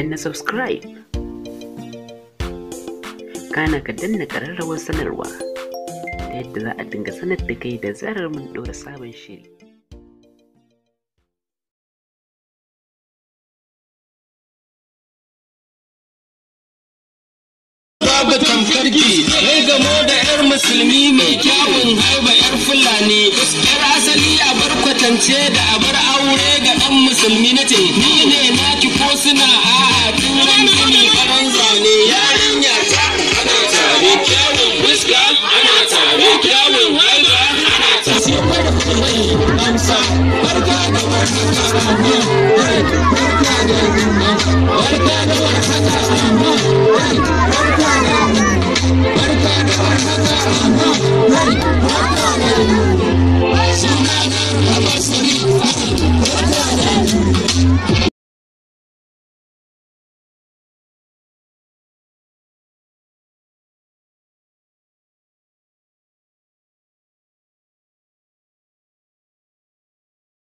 danna subscribe kana ka danna ƙararrawar sanarwa ta yadda za a dinga sanar da kai da zarar mun ɗora sabon shiri babu tamkarki mai gamo da 'yar musulmi mai kyawun haiba 'yar fulani 'yar asali a bar kwatance da a bar aure ga ɗan musulmi na ce ni ne naki ko suna Right.